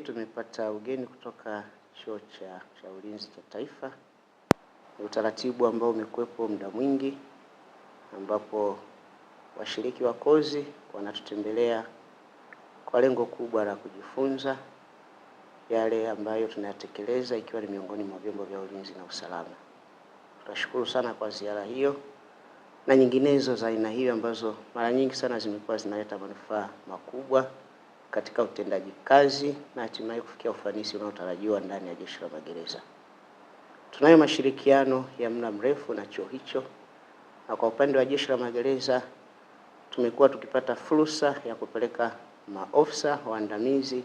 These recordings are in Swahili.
hii tumepata ugeni kutoka Chuo cha, cha Ulinzi cha Taifa. Ni utaratibu ambao umekuwepo muda mwingi, ambapo washiriki wa kozi wanatutembelea kwa lengo kubwa la kujifunza yale ambayo tunayatekeleza ikiwa ni miongoni mwa vyombo vya ulinzi na usalama. Tunashukuru sana kwa ziara hiyo na nyinginezo za aina hiyo ambazo mara nyingi sana zimekuwa zinaleta manufaa makubwa katika utendaji kazi na hatimaye kufikia ufanisi unaotarajiwa ndani ya Jeshi la Magereza. Tunayo mashirikiano ya muda mrefu na chuo hicho, na kwa upande wa Jeshi la Magereza tumekuwa tukipata fursa ya kupeleka maofisa waandamizi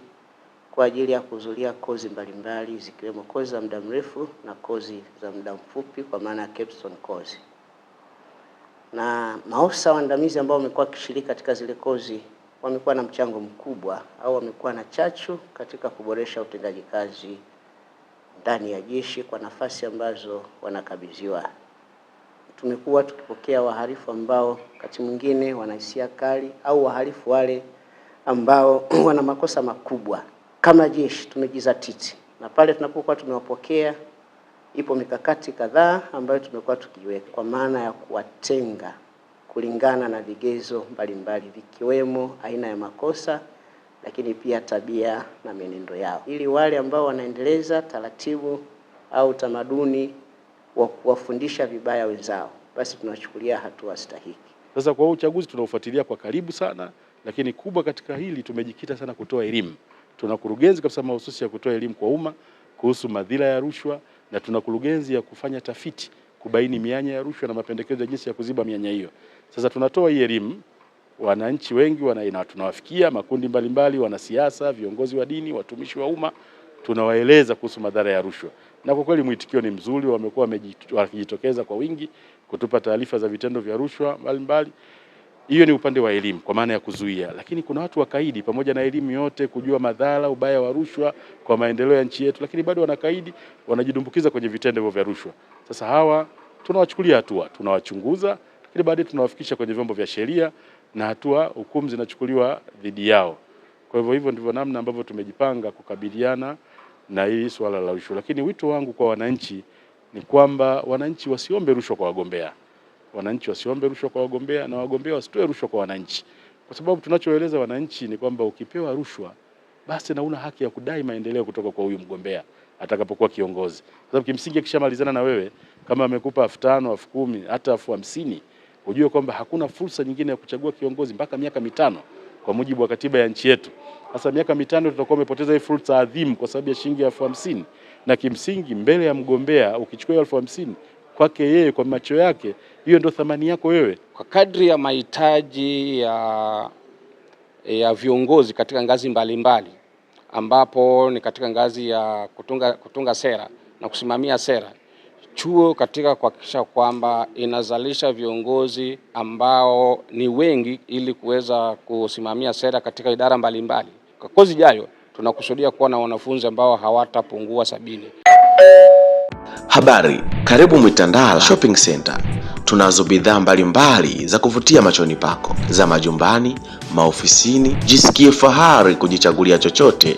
kwa ajili ya kuhudhuria kozi mbalimbali zikiwemo kozi za muda mrefu na kozi za muda mfupi kwa maana ya capstone kozi, na maofisa waandamizi ambao wamekuwa wakishiriki katika zile kozi wamekuwa na mchango mkubwa au wamekuwa na chachu katika kuboresha utendaji kazi ndani ya jeshi kwa nafasi ambazo wanakabidhiwa. Tumekuwa tukipokea wahalifu ambao wakati mwingine wanahisia kali au wahalifu wale ambao wana makosa makubwa. Kama jeshi tumejizatiti, na pale tunapokuwa tumewapokea, ipo mikakati kadhaa ambayo tumekuwa tukiweka kwa maana ya kuwatenga kulingana na vigezo mbalimbali vikiwemo aina ya makosa, lakini pia tabia na mienendo yao, ili wale ambao wanaendeleza taratibu au utamaduni wa kuwafundisha vibaya wenzao, basi tunachukulia hatua stahiki. Sasa kwa uchaguzi tunaufuatilia kwa karibu sana, lakini kubwa katika hili tumejikita sana kutoa elimu. Tuna kurugenzi kabisa mahususi ya kutoa elimu kwa umma kuhusu madhila ya rushwa, na tuna kurugenzi ya kufanya tafiti kubaini mianya ya rushwa na mapendekezo ya jinsi ya kuziba mianya hiyo. Sasa tunatoa hii elimu, wananchi wengi wana, tunawafikia makundi mbalimbali, wanasiasa, viongozi wa dini, watumishi wa umma, tunawaeleza kuhusu madhara ya rushwa, na kwa kweli mwitikio ni mzuri, wamekuwa wakijitokeza kwa wingi kutupa taarifa za vitendo vya rushwa mbalimbali. Hiyo ni upande wa elimu kwa maana ya kuzuia, lakini kuna watu wakaidi, pamoja na elimu yote kujua madhara ubaya wa rushwa kwa maendeleo ya nchi yetu, lakini bado wanakaidi, wanajidumbukiza kwenye vitendo hivyo vya rushwa. Sasa hawa tunawachukulia hatua, tunawachunguza ili baadaye tunawafikisha kwenye vyombo vya sheria na hatua hukumu zinachukuliwa dhidi yao. Kwa hivyo hivyo ndivyo namna ambavyo tumejipanga kukabiliana na hili swala la rushwa, lakini wito wangu kwa wananchi ni kwamba wananchi wasiombe rushwa kwa wagombea, wananchi wasiombe rushwa kwa wagombea na wagombea wasitoe rushwa kwa wananchi, kwa sababu tunachoeleza wananchi ni kwamba ukipewa rushwa basi na una haki ya kudai maendeleo kutoka kwa huyu mgombea atakapokuwa kiongozi, kwa sababu kimsingi akishamalizana na wewe, kama amekupa elfu tano elfu kumi hata elfu hamsini ujue kwamba hakuna fursa nyingine ya kuchagua kiongozi mpaka miaka mitano kwa mujibu wa katiba ya nchi yetu. Sasa miaka mitano tutakuwa umepoteza hii fursa adhimu kwa sababu ya shilingi elfu hamsini na kimsingi, mbele ya mgombea ukichukua elfu hamsini kwake yeye, kwa macho yake, hiyo ndio thamani yako wewe. Kwa kadri ya mahitaji ya, ya viongozi katika ngazi mbalimbali mbali, ambapo ni katika ngazi ya kutunga, kutunga sera na kusimamia sera chuo katika kuhakikisha kwamba inazalisha viongozi ambao ni wengi ili kuweza kusimamia sera katika idara mbalimbali. Kwa kozi ijayo tunakusudia kuwa na wanafunzi ambao hawatapungua sabini. Habari, karibu Mwitandala Shopping Center. Tunazo bidhaa mbalimbali za kuvutia machoni pako, za majumbani, maofisini. Jisikie fahari kujichagulia chochote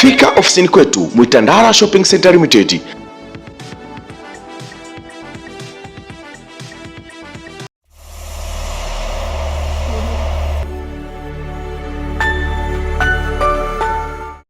Fika ofisini kwetu Mwitandara Shopping Center Limited